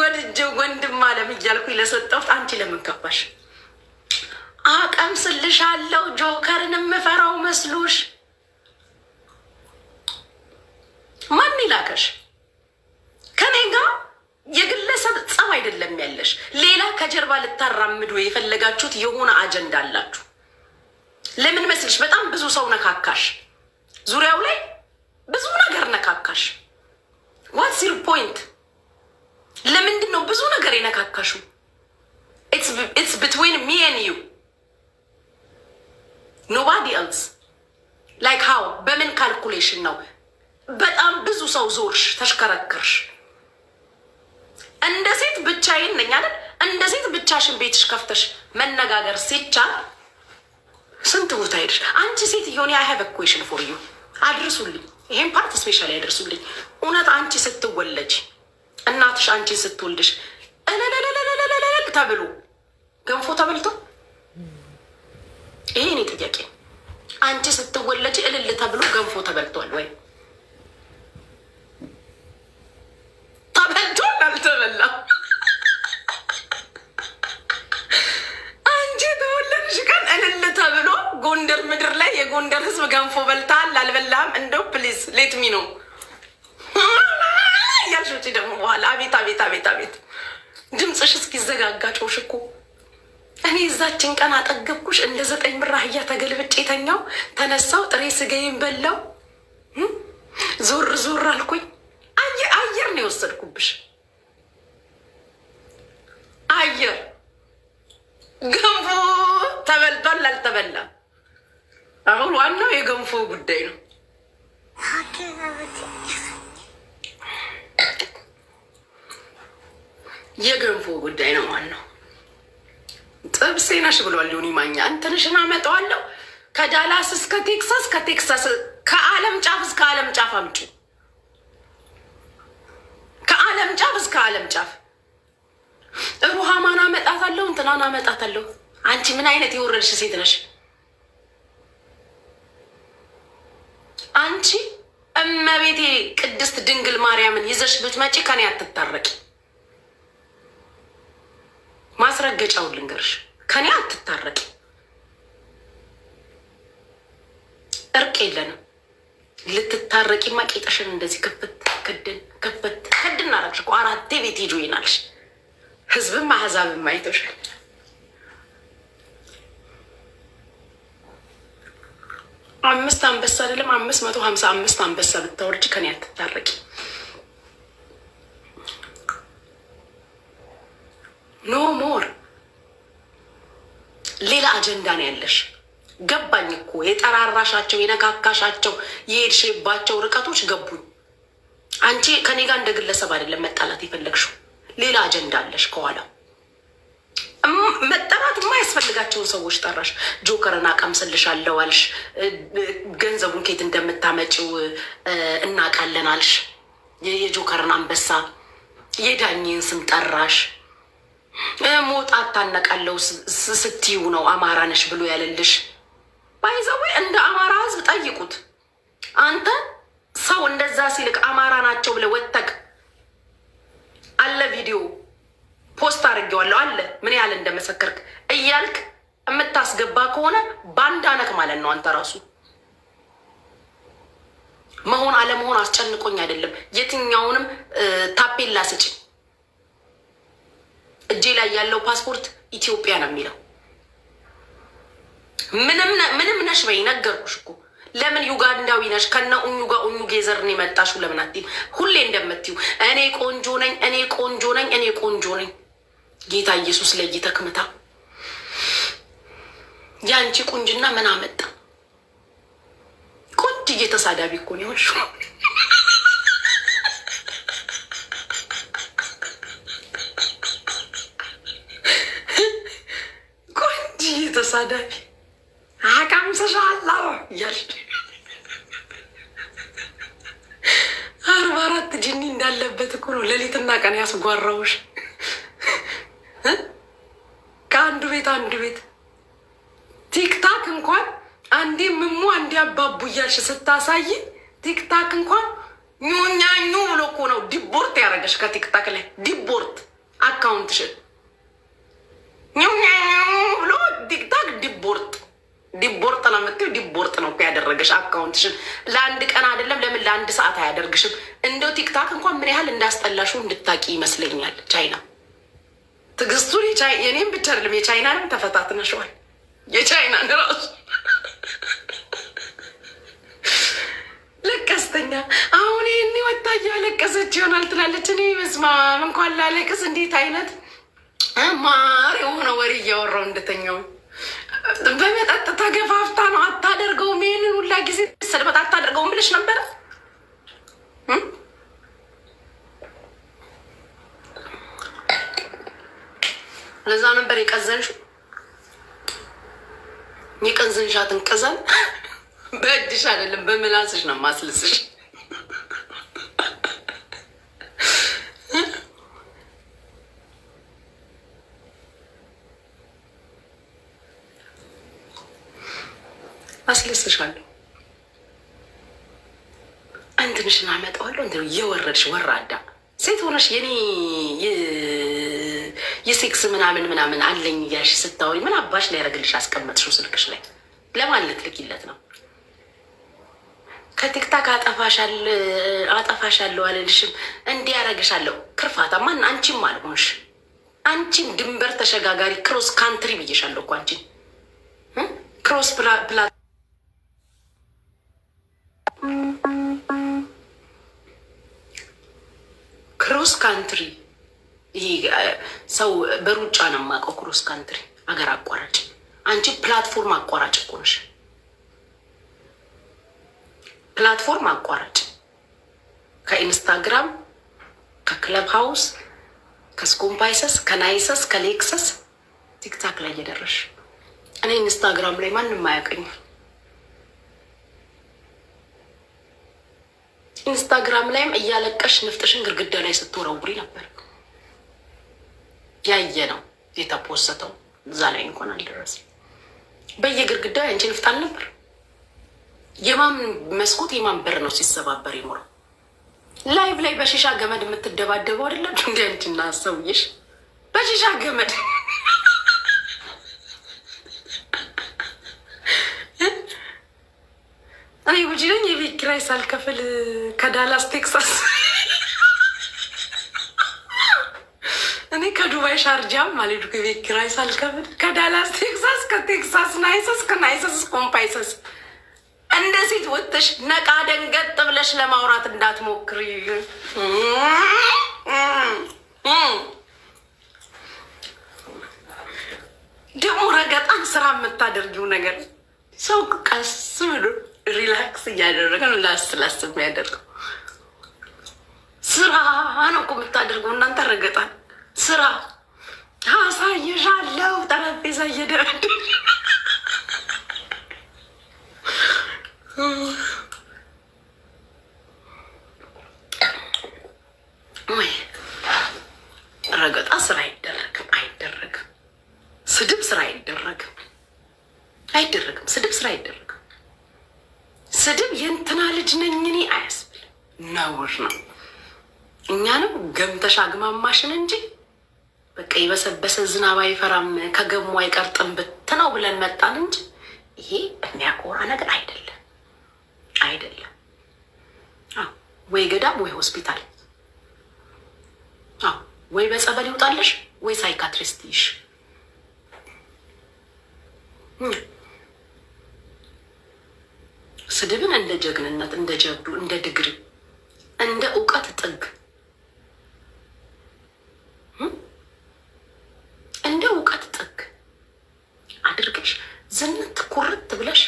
ወድጄ ወንድም አለም እያልኩኝ ለሰጠሁት አንቺ ለምን ገባሽ? አቀምስልሻለሁ። ጆከርን የምፈራው መስሎሽ? ማን ይላከሽ? ከኔ ጋር የግለሰብ ጸብ አይደለም ያለሽ። ሌላ ከጀርባ ልታራምዱ የፈለጋችሁት የሆነ አጀንዳ አላችሁ። ለምን መስልሽ? በጣም ብዙ ሰው ነካካሽ፣ ዙሪያው ላይ ብዙ ነገር ነካካሽ። ዋትስ ዩር ፖይንት? ለምንድን ነው ብዙ ነገር የነካካሹ? ኢትስ ብትዊን ሚ ን ዩ ኖባዲ ኤልስ ላይክ ሃው በምን ካልኩሌሽን ነው? በጣም ብዙ ሰው ዞርሽ፣ ተሽከረከርሽ። እንደ ሴት ብቻዬን ነኝ አይደል? እንደ ሴት ብቻሽን ቤትሽ ከፍተሽ መነጋገር ሲቻል ስንት ቦታ ሄድሽ? አንቺ ሴት እኔ አይ ሃቭ ኩዌሽን ፎር ዩ አድርሱልኝ፣ ይሄን ፓርት ስፔሻል ያደርሱልኝ። እውነት አንቺ ስትወለጅ እናትሽ አንቺ ስትወልድሽ እለለለለለለለል ተብሎ ገንፎ ተበልቶ፣ ይሄ እኔ ጥያቄ፣ አንቺ ስትወለጅ እልል ተብሎ ገንፎ ተበልቷል ወይ? ተበልቶ አልተበላ ተብሎ ጎንደር ምድር ላይ የጎንደር ህዝብ ገንፎ በልታል አልበላም? እንደው ፕሊዝ ሌት ሚ ነው ካልሽ ውጪ ደግሞ በኋላ አቤት አቤት አቤት አቤት ድምፅሽ እስኪዘጋጋ ጮሽ እኮ እኔ እዛችን ቀን አጠገብኩሽ። እንደ ዘጠኝ ብር አህያ ተገልብጬ የተኛው ተነሳው፣ ጥሬ ስጋዬን በላው፣ ዞር ዞር አልኩኝ። አየር ነው የወሰድኩብሽ፣ አየር ገንፎ ተበልቷል አልተበላም። አሁን ዋናው የገንፎ ጉዳይ ነው። የገንፎ ጉዳይ ነው ዋናው። ጥብሴ ነሽ ብሏል ዮኒ ማኛ። እንትንሽን አመጣዋለሁ ከዳላስ እስከ ቴክሳስ፣ ከቴክሳስ ከዓለም ጫፍ እስከ ዓለም ጫፍ አምጪ፣ ከዓለም ጫፍ እስከ ዓለም ጫፍ። ሩሃማን አመጣታለሁ፣ እንትናን አመጣታለሁ። አንቺ ምን አይነት የወረድሽ ሴት ነሽ አንቺ? እመቤቴ ቅድስት ድንግል ማርያምን ይዘሽ ብትመጪ ከኔ አትታረቂ። ማስረገጫውን ልንገርሽ፣ ከኔ አትታረቂ። እርቅ የለንም። ልትታረቂማ ቂጥሽን እንደዚህ ክፍት ክድን ክፍት ክድን አረግሽ። አራቴ ቤት ሂጁ ይናልሽ። ህዝብም አህዛብም አይተሻል። አምስት አንበሳ አይደለም አምስት መቶ ሀምሳ አምስት አንበሳ ብታወርጅ ከኔ አትታረቂ። ኖ ሞር ሌላ አጀንዳ ነው ያለሽ። ገባኝ እኮ የጠራራሻቸው የነካካሻቸው የሄድሽባቸው ርቀቶች ገቡኝ። አንቺ ከኔ ጋር እንደ ግለሰብ አይደለም መጣላት የፈለግሽው፣ ሌላ አጀንዳ አለሽ ከኋላ መጠራት የማያስፈልጋቸውን ሰዎች ጠራሽ። ጆከርን አቀምስልሻለሁ አልሽ። ገንዘቡን ኬት እንደምታመጪው እናቃለን አልሽ። የጆከርን አንበሳ የዳኝን ስም ጠራሽ። ሞጣ አታነቃለው ስትይው ነው አማራ ነሽ ብሎ ያለልሽ። ባይዘዌ እንደ አማራ ህዝብ ጠይቁት። አንተ ሰው እንደዛ ሲልቅ አማራ ናቸው ብለህ ወተግ አለ ቪዲዮ ብዬዋለሁ አለ ምን ያህል እንደመሰከርክ እያልክ የምታስገባ ከሆነ አነክ ማለት ነው። አንተ ራሱ መሆን አለመሆን አስጨንቆኝ አይደለም። የትኛውንም ታፔላ ስጭ። እጄ ላይ ያለው ፓስፖርት ኢትዮጵያ ነው የሚለው። ምንም ነሽ በይ፣ ነገርኩሽ እኮ ለምን ዩጋንዳዊ ነሽ? ከና ኡኙ ጋር ኡኙ ጌዘርን የመጣሽው። ለምን አትይም? ሁሌ እንደምትዩ እኔ ቆንጆ ነኝ፣ እኔ ቆንጆ ነኝ፣ እኔ ቆንጆ ነኝ። ጌታ ኢየሱስ ላይ ተክምታ የአንቺ ቁንጅና ምን አመጣ? ቁንጅ ተሳዳቢ እኮ ነው ቁንጅ እየተሳዳቢ አቃም ሰሻላ እያልሽ አርባ አራት ጅኒ እንዳለበት እኮ ነው ሌሊትና ቀን ያስጓራውሽ። አንድ ቤት ቲክታክ እንኳን አንዴ ምሙ አንዴ አባቡ እያልሽ ስታሳይ ቲክታክ እንኳን ኙኛኙ ብሎ እኮ ነው ዲቦርት ያደረገሽ። ከቲክታክ ላይ ዲቦርት አካውንትሽን ኙኛኙ ብሎ ቲክታክ ዲቦርት ዲቦርት ነው የምትይው። ዲቦርት ነው እኮ ያደረገሽ አካውንትሽን። ለአንድ ቀን አይደለም ለምን ለአንድ ሰዓት አያደርግሽም? እንደው ቲክታክ እንኳን ምን ያህል እንዳስጠላሹ እንድታቂ ይመስለኛል ቻይና ትግስቱን የኔም ብቻ አይደለም የቻይናንም ተፈታትነሸዋል። የቻይናን ራሱ ለቀስተኛ አሁን ይህኔ ወጣ እያለቀሰች ይሆናል ትላለች። እኔ በስመ አብ እንኳን ላለቅስ እንዴት አይነት ማር የሆነ ወሬ እያወራው እንደተኛው በመጠጥ ተገፋፍታ ነው። አታደርገውም፣ ይህንን ሁላ ጊዜ ስልበት አታደርገውም ብለሽ ነበረ ለዛ ነበር የቀዘንሽ የቀዘንሻትን ቅዘን በእድሽ አይደለም በምላስሽ ነው ማስልስሽ። አስልስሻለሁ እንትንሽን አመጣዋለሁ። እንትን የወረድሽ ወራዳ ሴት ሆነሽ የኔ የሴክስ ምናምን ምናምን አለኝ እያልሽ ስታወሪ ምን አባሽ ሊያደርግልሽ አስቀመጥሽው ስልክሽ ላይ ለማን ልትልኪለት ነው? ከቲክታክ አጠፋሻለሁ አልልሽም፣ እንዲህ ያደርግሻለሁ። ክርፋታ ማን አንቺም አልሆንሽ አንቺን ድንበር ተሸጋጋሪ ክሮስ ካንትሪ ብዬሻለሁ እኮ አንቺን ክሮስ ፕላ ክሮስ ካንትሪ ሰው በሩጫ ነው የማውቀው፣ ክሮስ ካንትሪ አገር አቋራጭ። አንቺ ፕላትፎርም አቋራጭ እኮ ነሽ፣ ፕላትፎርም አቋራጭ ከኢንስታግራም ከክለብ ሃውስ ከስኮምፓይሰስ ከናይሰስ ከሌክሰስ ቲክታክ ላይ እየደረሽ እኔ ኢንስታግራም ላይ ማንም አያውቀኝም። ኢንስታግራም ላይም እያለቀሽ ንፍጥሽን ግድግዳ ላይ ስትወረውሪ ነበር። ያየ ነው የተፖሰተው። እዛ ላይ እንኳን አልደረስም። በየግድግዳው ያንቺ ንፍት አልነበር። የማን መስኮት የማን በር ነው ሲሰባበር ይኖረው? ላይቭ ላይ በሺሻ ገመድ የምትደባደበው አይደላችሁ እንደ አንቺና ሰውዬሽ በሺሻ ገመድ እኔ ጉጂ ነኝ። የቤት ኪራይ ሳልከፍል ከዳላስ ቴክሳስ እኔ ከዱባይ ሻርጃም ማለዱ ከቤት ኪራይ ሳልከፍል ከዳላስ ቴክሳስ ከቴክሳስ ናይሰስ ከናይሰስ ኮምፓይሰስ እንደ ሴት ወጥተሽ ነቃ ደንገጥ ብለሽ ለማውራት እንዳትሞክሪ። ደግሞ ረገጣን ስራ የምታደርጊው ነገር ሰው ቀስ ብሎ ሪላክስ እያደረገ ነው ላስ ላስ የሚያደርገው ስራ ነው እኮ የምታደርገው እናንተ ረገጣን ስራ አሳይሻለሁ ጠረጴዛ እየደረደ የተበሰበሰ ዝናብ አይፈራም ከገሙ አይቀርጥም ብትነው ብለን መጣን እንጂ ይሄ የሚያኮራ ነገር አይደለም፣ አይደለም። ወይ ገዳም ወይ ሆስፒታል፣ ወይ በጸበል ይውጣለሽ ወይ ሳይካትሪስት ይሽ ስድብን እንደ ጀግንነት እንደ ጀብዱ እንደ ድግሪ እንደ እውቀት ጥግ ዝንት ኩርት ብለሽ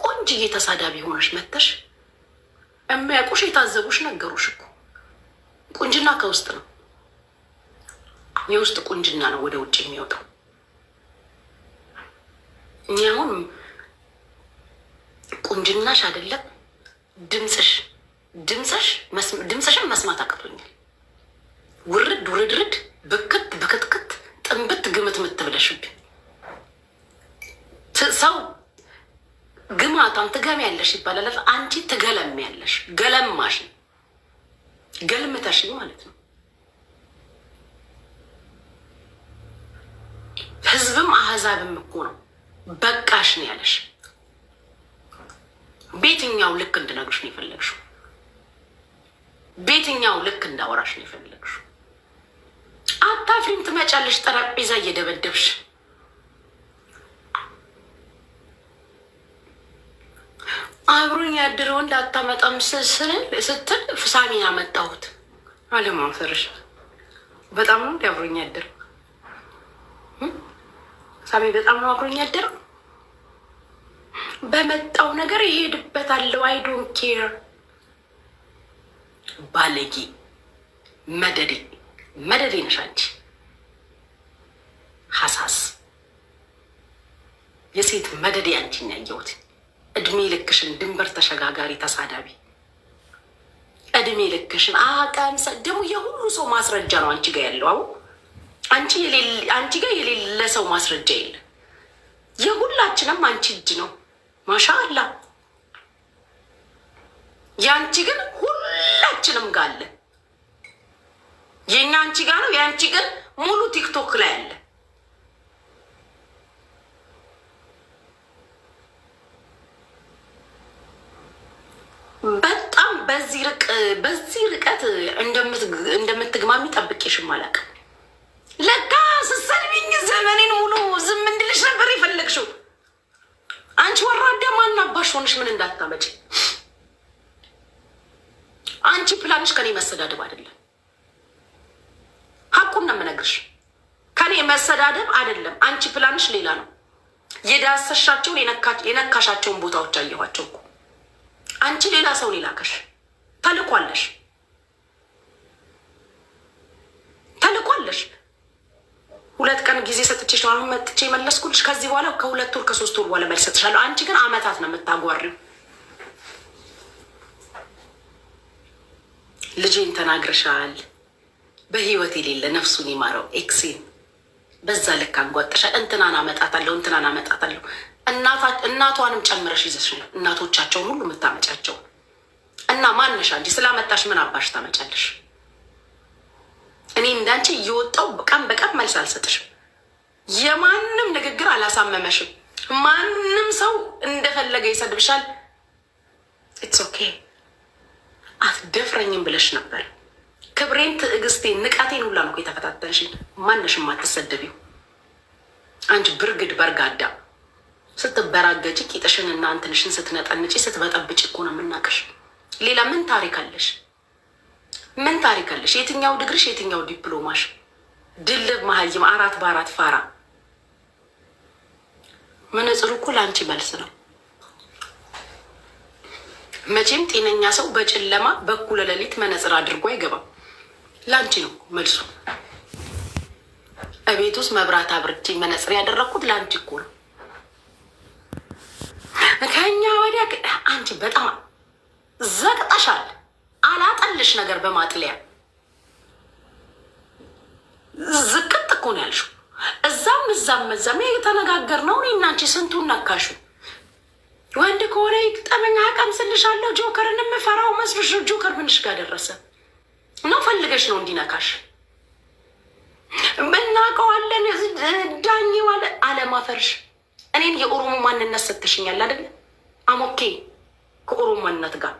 ቆንጅዬ ተሳዳቢ ሆነሽ መተሽ የሚያውቁሽ የታዘቡሽ ነገሩሽ እኮ ቁንጅና ከውስጥ ነው። የውስጥ ቁንጅና ነው ወደ ውጭ የሚወጣው። እኔ አሁን ቁንጅናሽ አይደለም ድምፅሽ ድምፅሽ ድምፅሽን መስማት አቅቶኛል። ውርድ ውርድርድ ብክት ብክትክት ጥንብት ግምት ምትብለሽብኝ ሰው ግማታን ትገም ያለሽ ይባላል። አንቺ ያለሽ ገለማሽ ገልምታሽ ማለት ነው። ህዝብም አህዛብም እኮ ነው በቃሽ ነው ያለሽ። ቤትኛው ልክ እንድነግርሽ ነው የፈለግሽው። ቤትኛው ልክ እንዳወራሽ ነው የፈለግሽው። አታፍሪም። ትመጫለሽ ጠረጴዛ እየደበደብሽ አብሮኝ ያድረውን እንዳታመጣም ስትል ፍሳሜ ያመጣሁት አለማፈርሽ በጣም ነው እንዲ አብሮኝ ያድር ፍሳሜ በጣም ነው አብሮኝ ያድር። በመጣው ነገር ይሄድበታለሁ። አይ ዶንት ኬር ባለጌ መደዴ መደዴ ነሽ አንቺ ሀሳስ የሴት መደዴ አንቺን ያየሁት እድሜ ልክሽን ድንበር ተሸጋጋሪ ተሳዳቢ እድሜ ልክሽን አቀን ደግሞ የሁሉ ሰው ማስረጃ ነው አንቺ ጋር ያለው። አንቺ ጋር የሌለ ሰው ማስረጃ የለ። የሁላችንም አንቺ እጅ ነው። ማሻአላ የአንቺ ግን ሁላችንም ጋር አለ። የእኛ አንቺ ጋር ነው። የአንቺ ግን ሙሉ ቲክቶክ ላይ አለ። በጣም በዚህ ርቀት እንደምትግማሚ ጠብቄሽም አላውቅም። ለካ ስትሰድቢኝ ዘመኔን ሙሉ ዝም እንድልሽ ነበር የፈለግሽው። አንቺ ወራዳ ማናባሽ ሆንሽ? ምን እንዳታመጪ አንቺ ፕላንሽ ከኔ መሰዳደብ አይደለም። ሀቁን ነው የምነግርሽ። ከኔ መሰዳደብ አይደለም። አንቺ ፕላንሽ ሌላ ነው። የዳሰሻቸውን የነካሻቸውን ቦታዎች አየኋቸው እኮ አንቺ ሌላ ሰው ሊላከሽ ተልኳለሽ ተልኳለሽ። ሁለት ቀን ጊዜ ሰጥቼሽ ነው አሁን መጥቼ መለስኩልሽ። ከዚህ በኋላ ከሁለት ወር ከሶስት ወር በኋላ መልስ ሰጥሻለሁ። አንቺ ግን አመታት ነው የምታጓሪው። ልጄን ተናግረሻል። በህይወት የሌለ ነፍሱን ይማረው ኤክሴን በዛ ልክ አንጓጠሻል። እንትናን አመጣታለሁ፣ እንትናን አመጣታለሁ እናቷንም ጨምረሽ ይዘሽ ነው እናቶቻቸውን ሁሉ የምታመጫቸው። እና ማንሻ እንጂ ስላመጣሽ ምን አባሽ ታመጫለሽ? እኔ እንዳንቺ እየወጣው ቀን በቀን መልስ አልሰጥሽም። የማንም ንግግር አላሳመመሽም። ማንም ሰው እንደፈለገ ይሰድብሻል። ኢትስ ኦኬ አትደፍረኝም ብለሽ ነበር። ክብሬን፣ ትዕግስቴን፣ ንቃቴን ሁላ ነው የተፈታተንሽ። ማነሽም አትሰደቢው አንቺ ብርግድ በርጋዳ ስትበራገጭ ቂጥሽን እና እንትንሽን ስትነጠንጪ ስትበጠብጭ እኮ ነው የምናቅሽ። ሌላ ምን ታሪክ አለሽ? ምን ታሪክ አለሽ? የትኛው ድግርሽ? የትኛው ዲፕሎማሽ? ድልብ መሀይም አራት በአራት ፋራ መነጽሩ እኮ ለአንቺ መልስ ነው። መቼም ጤነኛ ሰው በጨለማ በኩል ሌሊት መነጽር አድርጎ አይገባም። ለአንቺ ነው መልሱ። እቤት ውስጥ መብራት አብርቼ መነጽር ያደረግኩት ለአንቺ እኮ ነው። ከኛ ወዲያ አንቺ በጣም ዘቅጠሻል። አላጠልሽ ነገር በማጥለያ ዝቅጥ እኮ ነው ያልሽው። እዛም እዛም እዛም የተነጋገርነው እኔ እና አንቺ ስንቱን ነካሹ። ወንድ ከሆነ ይግጠመኝ አቀምስልሻለሁ። ጆከርን የምፈራው መስሎሽ ነው? ጆከር ምንሽ ጋር ደረሰ ነው? ፈልገሽ ነው እንዲነካሽ? እናውቀዋለን። ዳኝ ዋለ አለማፈርሽ እኔን የኦሮሞ ማንነት ሰጥተሽኛል አይደለ? አሞኬ ከኦሮሞነት ጋር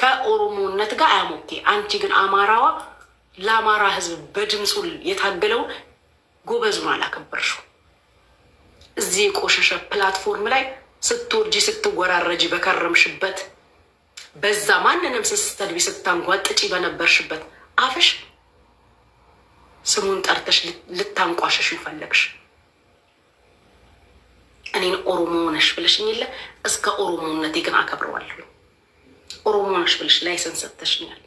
ከኦሮሞነት ጋር አያሞኬ። አንቺ ግን አማራዋ ለአማራ ህዝብ በድምፁ የታገለውን ጎበዙን አላከበርሽው። እዚህ የቆሸሸ ፕላትፎርም ላይ ስትወርጂ ስትወራረጂ በከረምሽበት በዛ ማንንም ስትሰድቢ ስታንጓጥጪ በነበርሽበት አፍሽ ስሙን ጠርተሽ ልታንቋሸሽ ይፈለግሽ። እኔን ኦሮሞ ነሽ ብለሽኝ የለ እስከ ኦሮሞነቴ ግን አከብረዋለሁ። ኦሮሞ ነሽ ብለሽ ላይሰንስ ሰጥተሽኛል።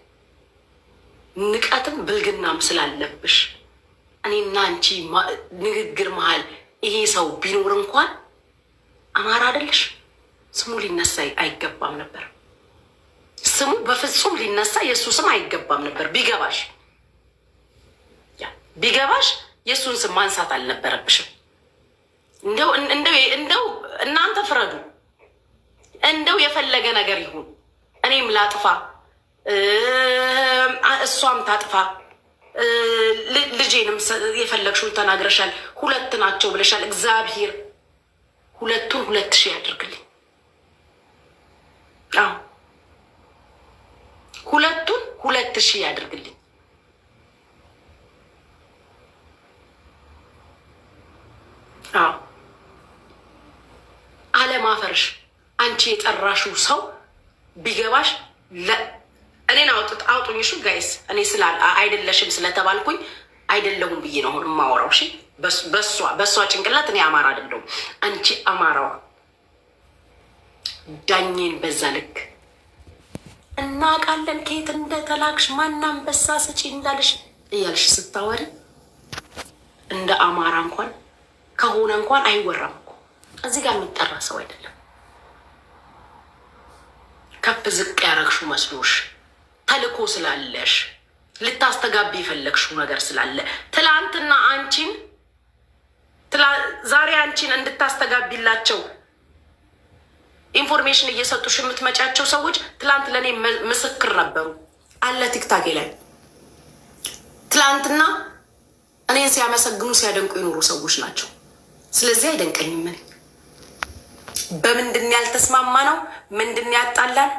ንቀትም ብልግናም ስላለብሽ እኔና አንቺ ንግግር መሀል ይሄ ሰው ቢኖር እንኳን አማራ አይደለሽ ስሙ ሊነሳ አይገባም ነበር። ስሙ በፍጹም ሊነሳ የእሱ ስም አይገባም ነበር። ቢገባሽ ቢገባሽ የእሱን ስም ማንሳት አልነበረብሽም። እንደው እንደው እናንተ ፍረዱ። እንደው የፈለገ ነገር ይሁን እኔም ላጥፋ እሷም ታጥፋ ልጄንም የፈለግሽውን ተናግረሻል። ሁለት ናቸው ብለሻል። እግዚአብሔር ሁለቱን ሁለት ሺህ ያደርግልኝ። አዎ ሁለቱን ሁለት ሺህ ያደርግልኝ። አንቺ የጠራሽው ሰው ቢገባሽ እኔን አውጡኝ። እሺ ጋይስ፣ እኔ አይደለሽም ስለተባልኩኝ አይደለሁም ብዬ ነው አሁን የማወራው። እሺ በሷ በሷ ጭንቅላት እኔ አማራ አይደለሁም። አንቺ አማራዋ ዳኘን በዛ ልክ እናውቃለን ከየት እንደተላክሽ ማናም በሳ ስጪ እንዳልሽ እያልሽ ስታወሪ እንደ አማራ እንኳን ከሆነ እንኳን አይወራም እኮ እዚህ ጋር የሚጠራ ሰው አይደለም። ከፍ ዝቅ ያረግሹ መስሎሽ ተልኮ ስላለሽ ልታስተጋቢ የፈለግሽው ነገር ስላለ ትላንትና አንቺን ዛሬ አንቺን እንድታስተጋቢላቸው ኢንፎርሜሽን እየሰጡሽ የምትመጫቸው ሰዎች ትላንት ለእኔ ምስክር ነበሩ አለ ቲክታኬ ላይ ትላንትና እኔን ሲያመሰግኑ ሲያደንቁ የኖሩ ሰዎች ናቸው። ስለዚህ አይደንቀኝም እኔ በምንድን ያልተስማማ ነው? ምንድን ያጣላል?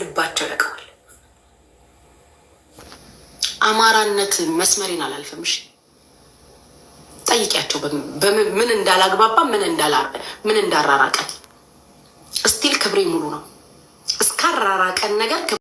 ልባቸው ያውቀዋል። አማራነት መስመሬን እሺ ጠይቂያቸው ምን እንዳላግባባ ምን እንዳራራቀን። እስቲል ክብሬ ሙሉ ነው እስካራራቀን ነገር